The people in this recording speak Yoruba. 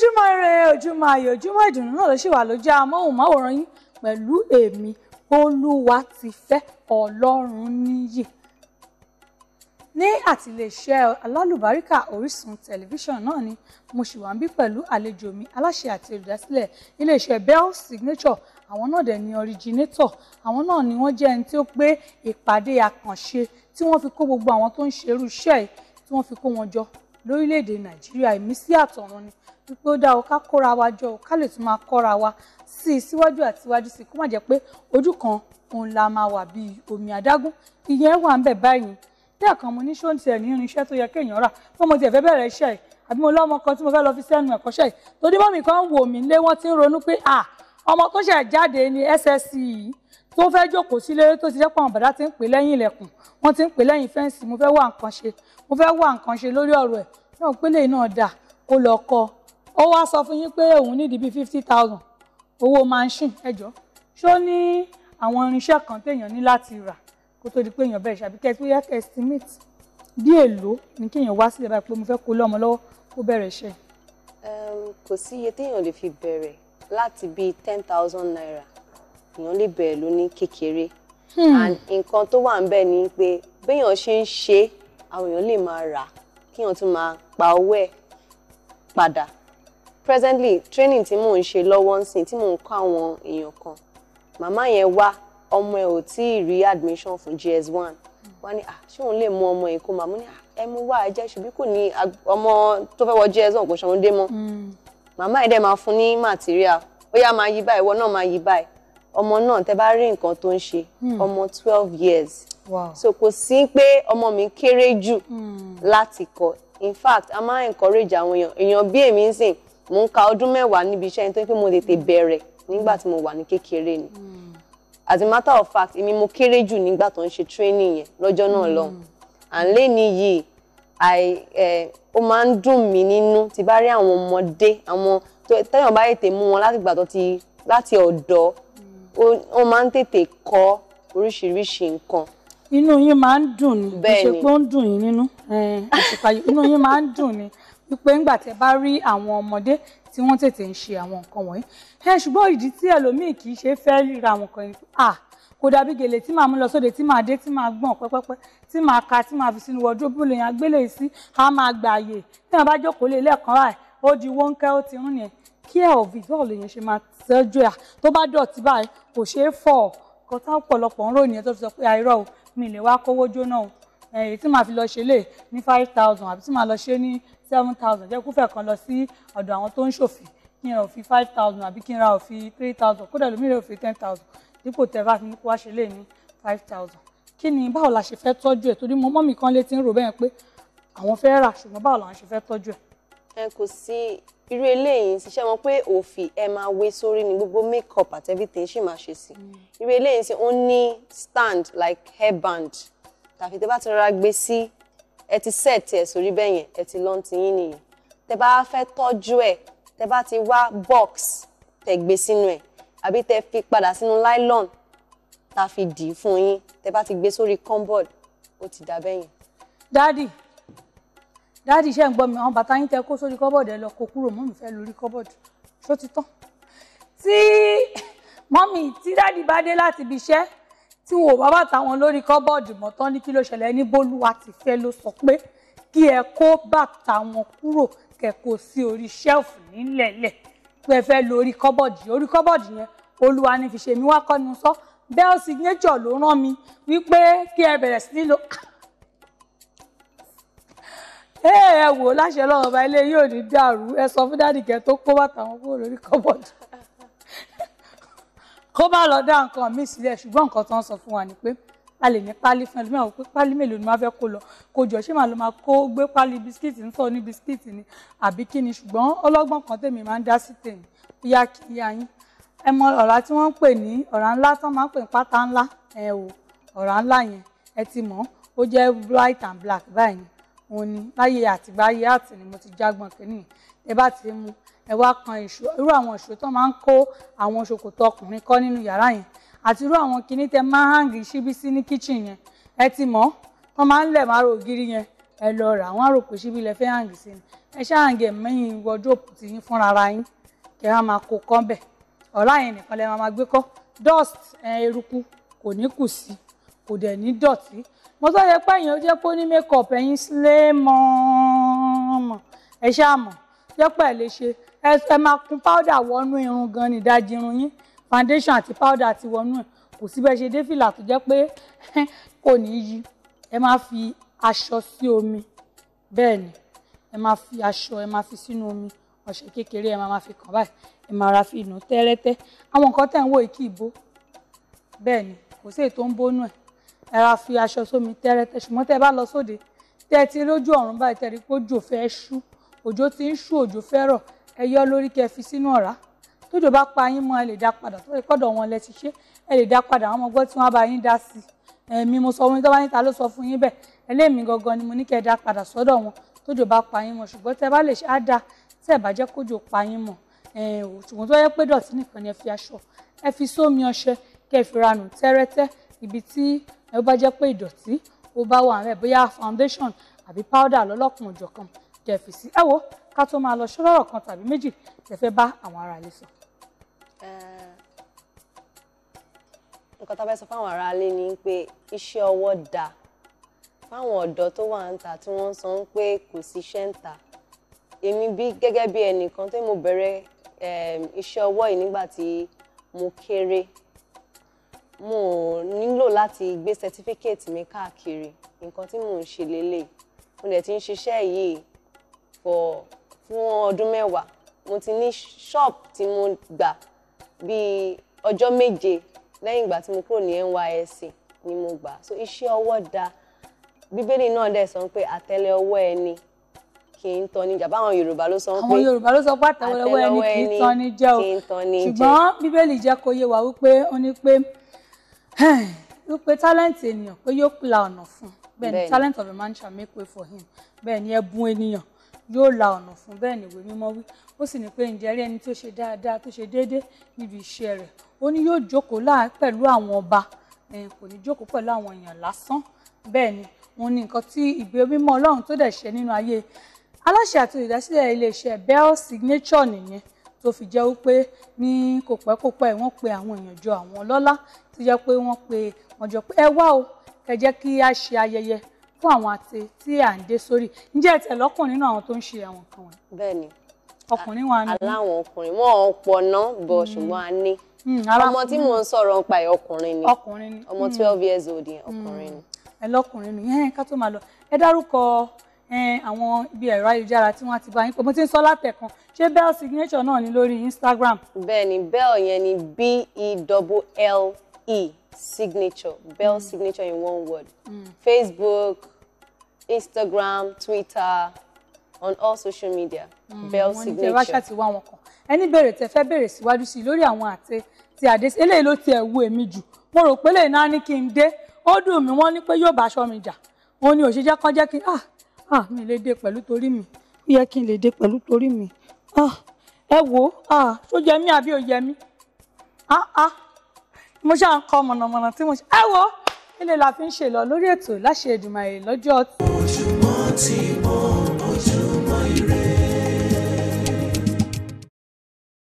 ojúmọ́ ire ojúmọ́ ayọ̀ ojúmọ́ ìdùnnú náà ló ṣì wà lójú amóhùnmáwòrán yín pẹ̀lú èmi Olúwatifẹ́ Ọlọ́runníyì ní àtìlẹ́ṣẹ́ alálùbáríkà Orísun tẹlifíṣàn náà ni mo ṣì wà ń bí pẹ̀lú àlejò mi aláṣẹ àti olùdásílẹ̀ iléeṣẹ́ Bell Signature àwọn náà dẹ̀ ni originator àwọn náà ni wọ́n jẹ́ ẹni tí ó pé ìpàdé àkànṣe tí wọ́n fi kó gbogbo àwọn tó ń ṣerú iṣẹ́ tí wọ́n fi kó wọn jọ lórílẹ̀ Nàìjíríà ìmísí àtọ̀run ni wípé ó dá o ká kóra wa jọ o ká lè tún máa kọ́ra wa sí i síwájú àti iwájú sí i kó má jẹ́ pé ojú kan òun la máa wà bíi omi adágún ìyẹn wà ń bẹ̀ báyìí lẹ́ẹ̀kan mo ní ṣóńtì ẹ̀ ní irinṣẹ́ tó yẹ kéèyàn rà fún mo tiẹ̀ fẹ́ bẹ̀rẹ̀ iṣẹ́ yìí àbí mo lọ́mọ kan tí mo fẹ́ lọ fi sẹ́nu ẹ̀kọ́ṣẹ́ yìí torí mọ́mì kan wò mí lé wọ́n ti ń ronú pé à ọmọ tó ṣẹ̀ jáde ní SSC yìí tó fẹ́ jókòó sílé tó ti jẹ́ pé àwọn bàdá ti ń pè lẹ́yìn ilẹ̀kùn wọ́n ti ń pè lẹ́yìn fẹ́ǹsì mo fẹ́ wá nǹkan ṣe mo fẹ́ wá nǹkan ṣe lórí ọ̀rọ̀ ẹ̀ náà pélé náà dà kó lọ kọ́ ó wá sọ fún yín pé òun nídìí bíi fifty thousand owó machine ẹjọ́ ṣó ní àwọn irinṣẹ́ kan téèyàn ní láti rà kó tó di pé èèyàn bẹ̀rẹ̀ ṣàbí kẹ́ ẹ tó yẹ kẹ́ estimate bí èlò ní kéèyàn wá sílẹ̀ báyìí pé mo fẹ́ kó lọ́mọ lọ́wọ́ kó bẹ̀rẹ̀ iṣẹ́. kò sí iye téèyàn lè fi bẹ̀rẹ̀ láti bíi ten thousand naira èèyàn lè bẹ̀rẹ̀ ló ní kékeré hmm. and nǹkan tó wà ń bẹ̀ ni pé béèyàn ṣe ń ṣe àwọn èèyàn lè máa rà kéèyàn tún máa pa owó ẹ̀ padà presently training tí mò ń ṣe lọ́wọ́ ń sìn tí mò ń kọ́ àwọn èèyàn kan màmá yẹn wá ọmọ ẹ ò tí ì rí admission fún gs one. wọ́n ní ṣé òun lè mú ọmọ yìí kó màmú ní ẹ mú wá ẹjẹ ṣùgbọ́n kò ní ọmọ tó fẹ́ wọ GS1 kò ṣàwọn dé mọ́ hmm. màmá yìí dẹ̀ máa fún ní material ó yá máa yí báyìí ìwọ náà máa yí báyìí ọmọ náà tẹ bá rí nǹkan tó ń ṣe hmm. ọmọ twelve years so kò sí pé ọmọ mi kéré jù hmm. láti kọ́ in fact a máa encourage àwọn èèyàn èèyàn bí èmi ń sìn mo ń ka ọdún mẹ́wàá níbi iṣẹ́ nítorí pé mo lè tè bẹ̀rẹ̀ nígbà tí mo wà ní kékeré ni hmm. as a matter of fact èmi mo kéré jù nígbà tó ń ṣe training yẹn lọ́jọ́ náà lọ́hùn hmm. and lẹ́ni yìí ó máa ń dùn mí nínú tí bá rí àwọn ọmọdé àwọn tẹ́yàn bá tètè mú wọn láti gbà tó ti láti ọ̀dọ́ hmm. ó máa ń tètè kọ́ oríṣiríṣi nǹkan inú yín máa ń dùn ni kò ṣe pé ó ń dùn yín nínú inú yín máa ń dùn ni wípé ńgbà tẹ bá rí àwọn ọmọdé tí wọ́n tètè ń ṣe àwọn nǹkan wọ̀nyí ẹ ṣùgbọ́n ìdí tí ẹlòmíì kì í ṣe fẹ́ ríra àwọn nǹkan yìí à kò dàbí gèlè tí màá mú lọ sóde tí màá dé tí màá gbọ̀n pẹ́pẹ́pẹ́ tí màá ka tí màá fi sínú wọ́dúróbù lèyàn agbélé sí a máa gbà àyè tí màá bá jókòó lé lẹ́ẹ̀kan ráì ó di wọ́nkẹ́ ó ti rún nìyẹn kí ẹ̀ ò fi bọ́ọ̀lù yẹn ṣe máa tẹ́jú ẹ̀ tó bá dọ̀tí báyìí kò ṣeé fọ̀ kọ́tà ọ̀pọ̀lọpọ̀ ń ròyìn ẹ̀ tó ti sọ pé àìrọ̀ o mi lè wá kówó jóná o èyí tí màá fi lọ ṣe lè ní five thousand àbí tí màá lọ ṣe ní seven thousand jẹ́ kúfẹ̀ kan lọ sí ọ̀dọ̀ àwọn tó ń ṣòfì kí n ra òfin five thousand àbí kí n ra òfin three thousand kódà lómi rẹ̀ òfin ten thousand dípò tẹ́ bá fi ní kó wá ṣe lè ní five thousand kí ni báwo la ṣe fẹ́ tọ́jú ẹ̀ torí mo mọ́ mi kan létí ń rò bẹ́ẹ̀ pé àwọn fẹ́ rà ṣùgbọ́n báwo làwọn ṣe fẹ́ tọ́jú ẹ̀ ẹ kò sí irú eléyìí sì ṣe wọn pé òfì ẹ máa wé sórí ni gbogbo make up àti everything ṣì máa ṣe sí mm. irú eléyìí sì ó ní stand like hairband tàbí tẹ bá ti rọra gbé sí ẹ ti set ẹ sórí bẹ́ẹ̀ yẹn ẹ ti lọ́n ti yín nìyẹn tẹ bá fẹ́ tọ́jú ẹ tẹ bá ti wá box tẹ gbé sínú ẹ àbí tẹ fi padà sínú nylon tá a fi dì í fún yín tẹ bá ti gbé sórí cupboard ó ti dà bẹ́yìn. dádì dáàdì iṣẹ́ ń gbọ́ mi àwọn bàtà yín tẹ kó sórí kọ́bọ̀dù ẹ lọ kó kúrò mọ́mì fẹ́ lórí kọ́bọ̀dù ṣó ti tán tí mọ́mì tí dáàdì bá dé láti ibi iṣẹ́ tí wọn ò bá bàtà wọn lórí kọ́bọ̀dù mọ́ tán ní kí ló ṣẹlẹ̀ ní bólúwa ti fẹ́ ló sọ pé kí ẹ kó bàtà wọn kúrò kẹ̀kọ́ sí orí ṣẹ́ẹ̀fù nílẹ̀lẹ̀ pé ẹ fẹ́ lórí kọ́bọ̀dù orí kọ́bọ̀dù yẹn olúwa ní fi ṣe mí wá kọ́ni sọ bẹ́ẹ̀ signature ló rán mi wípé kí ẹ bẹ̀rẹ̀ sí ní lo ẹ ẹ wò láṣẹ lọ́wọ́ ọba ilé yóò ní dàrú ẹ sọ fún dáàdì kẹ tó kó bàtà wọn kúrò lórí kọ́bọ̀dù kó bá lọ dá nǹkan míì sílẹ̀ ṣùgbọ́n nǹkan tó ń sọ fún wa ni pé a lè ní pálí fún ẹlòmíràn wò pé pálí mélòó ni máa fẹ́ kó lọ kó jọ ṣé màá lọ máa kó gbé pálí bisikíìtì ń sọ ní bisikíìtì ni àbí kí ni ṣùgbọ́n ọlọ́gbọ́n kan tèmi máa ń dá sí tèmi bóyá kí n yá yín ẹ mọ ọ̀rá tí wọ́n ń pè ní ọ̀rá ńlá tán máa ń pè ní pátá ńlá ẹ wò ọ̀rá ńlá yẹn ẹ ti mọ̀ ó jẹ́ white and black báyìí òun ni láyé àtìgbáyé àti ni mo ti jágbọn kínní ẹ bá ti mú ẹ wá kan ìṣó irú àwọn ìṣó tó máa ń kó àwọn ṣòkòtò ọkùnrin kọ́ nínú yàrá yẹn àti irú àwọn kinní tẹ máa ń hàngì síbí sí ní kíchìn yẹn ẹ ti mọ̀ wọ́n máa ń lẹ̀ máa ro ògiri yẹn ẹ lọ rà wọ́n rò pé síbí lẹ fẹ́ hàngì sí ni ẹ ṣáà hàngì ẹ̀mẹ́yìn wọ́dróòpù ti yín fúnra ara yín kẹ á máa kó kán bẹ̀ ọ̀rá yẹn nìkan lẹ máa gbé kọ́ dust eruku kò ní kù sí i kò dẹ̀ ní dọ̀tí mo tó yẹ pé èèyàn jẹ́ pé ní makeup ẹ̀yin sílé mọ́ọ́mọ́ ẹ ṣáà mọ̀ jẹ́ pé ẹ lè ṣe ẹ máa kun powder wọnú irun gan ni ìdajì irun yín foundation àti powder ti wọnú ẹ̀ kò sí bẹ́ẹ̀ ṣe dé fìlà tó jẹ́ pé kò ní yí ẹ máa fi aṣọ sí omi bẹ́ẹ̀ ni ẹ máa fi aṣọ ẹ máa fi sínú omi ọṣẹ kékeré ẹ máa fi kàn báyìí ẹ máa ra fi nù tẹ́rẹ́tẹ́ àwọn nǹkan tẹ̀ ń wò yìí kì bẹ́ẹ̀ ni kò sí èyí tó ń bónú ẹ̀ ẹ ra fi aṣọ sómi tẹ́rẹ́tẹ́ ṣùgbọ́n tẹ́ ẹ bá lọ sóde tẹ́ ẹ ti lójú ọ̀run báyìí tẹ́ ẹ rí i pé òjò fẹ́ ṣú òjò ti ń ṣú òjò fẹ́ rọ̀ ẹ yọ lórí kẹ́ fi sínú ọ̀rá tójò bá pa yín mọ́ ẹ lè dá padà tó lè kọ́dọ̀ wọn lẹ ti ṣe ẹ lè dá padà àwọn ọmọgbọ́n tí wọ́n bá yín dá sí ẹ̀mí mo sọ fún yín tó bá yín ta ló sọ fún yín bẹ́ẹ̀ ẹlẹ́mìí gangan ni mo ní kẹ́ ẹ dá padà sọ́dọ̀ wọn tójò bá pa yín mọ́ ṣùgbọ́n tẹ́ ẹ bá lè ṣe á dá tẹ́ ẹ bá jẹ́ kójò pa yín mọ́ ṣùgbọ́n tó yẹ pé dọ̀tí nìkan ni ẹ fi aṣọ ẹ fi sómi ọṣẹ kẹ́ ẹ fi ranù tẹ́rẹ́tẹ́ ibi tí ẹ bá jẹ́ pé ìdọ̀tí ó bá wà rẹ̀ bóyá foundation àbí powder lọ́lọ́kùn òjọ̀kan tẹ̀ fi sí ẹ wo ká tó máa lọ ṣọ́rọ̀ kan tàbí méjì tẹ̀ fẹ́ bá àwọn ará ilé sọ. nǹkan tá a fẹ́ sọ fáwọn ará ilé ni pé iṣẹ́ ọwọ́ da fáwọn ọ̀dọ́ tó wà ń ta tí wọ́n sọ pé kò sí iṣẹ́ ń ta èmi bí gẹ́gẹ́ bí ẹnìkan tó mo bẹ̀rẹ̀ iṣẹ́ ọwọ́ yìí nígbà tí mo kéré mo nílò láti gbé certificate mi káàkiri nǹkan tí mò ń ṣe lélẹ̀ mo dẹ̀ ti ń ṣiṣẹ́ yìí for fún ọdún mẹ́wàá mo ti ní shop tí mo gbà bíi ọjọ́ méje lẹ́yìn ìgbà tí mo kúrò ní NYSC ni mo gbà so iṣẹ́ ọwọ́ da bíbélì náà dẹ̀ sọ pé àtẹ́lẹ ọwọ́ ẹni kì í tọ́ni jà báwọn yorùbá ló sọ pé àwọn yorùbá ló sọ pé àtẹ́lẹ ọwọ́ ẹni kì í tọ́ni jẹ́ o ṣùgbọ́n bíbélì jẹ́ kó yé wa wípé ó ní pé ó pe talent ènìyàn pé yóò la ọ̀nà fún bẹ́ẹ̀ ni talent of a man shall make way for him bẹ́ẹ̀ ni ẹ̀bùn ènìyàn yóò la ọ̀nà fún bẹ́ẹ̀ ni ìwé mímọ́ wí ó sì ní pé ǹjẹ́ rí ẹni tó ṣe dáadáa tó ṣe déédéé níbi iṣẹ́ rẹ̀ ó ní yóò jókòó láà pẹ̀lú àwọn ọba kò ní jókòó pẹ̀lú àwọn èèyàn lásán bẹ́ẹ̀ ni òun ni nǹkan tí ìgbé mímọ́ ọlọ́run tó dẹ̀ ṣe nínú ayé aláṣẹ àti olùdásílẹ̀ iléeṣẹ́ Bell Signature nìyẹn tó fi jẹ́ wípé ní kò pẹ́ kò pẹ́ wọ́n pe àwọn èèyàn jọ àwọn ọlọ́lá tó jẹ́ pé wọ́n pe wọ́n jọ pé ẹ wá o ẹ jẹ́ kí a ṣe ayẹyẹ fún àwọn àti tí à ń dé sórí ǹjẹ́ ẹ̀tẹ̀ lọ́kàn nínú àwọn tó ń ṣe àwọn kan wọn. bẹ́ẹ̀ni ọkùnrin wa ni. aláwọn ọkùnrin wọn ò pọ̀ ná bọ ṣùgbọ́n a ní. Hmm, ọmọ tí mò ń sọ̀rọ̀ ń pa ẹ̀ ọkùnrin ni ọkùnrin ni ọmọ hmm. twelve years old yẹn ọkùnrin hmm. ni. ẹ lọkùnrin nìyẹn ká tó máa lọ ẹ dárúkọ Eh, àwọn ibi ẹ̀rọ ayélujára tí wọ́n ti bá yín pé mo ti ń sọ látẹ̀kan ṣé bell signature náà ni lórí Instagram. bẹ́ẹ̀ni bell yẹn ni b e double l e signature bell mm. signature in one word mm. Facebook Instagram Twitter on all social media mm. bell signature. wọ́n ní tẹ wáṣà ti wá wọn kàn ẹni bèrè tẹ fẹ́ bèrè síwájú sí i lórí àwọn àtẹ ti àdé eléyìí ló tiẹ̀ wú èmi jù mo rò pé lè náà ní kí n dé ó dùn mí wọ́n ní pé yóò bá aṣọ mi jà òun ni òṣìṣẹ́ kan jẹ́ kí ah ah mi le dé pẹ̀lú torí mi ó yẹ kí n lè dé pẹ̀lú torí mi ah ẹ wo ah so jẹ mí àbí ò jẹ mí ah ah mo ṣáà ń kọ mọ̀nàmọ̀nà tí mo ṣe ẹ wo ilé la fi ń ṣe lọ lórí ètò láṣẹ Èdùmàrè lọ́jọ́ tí. òṣùwọ̀n ti mọ.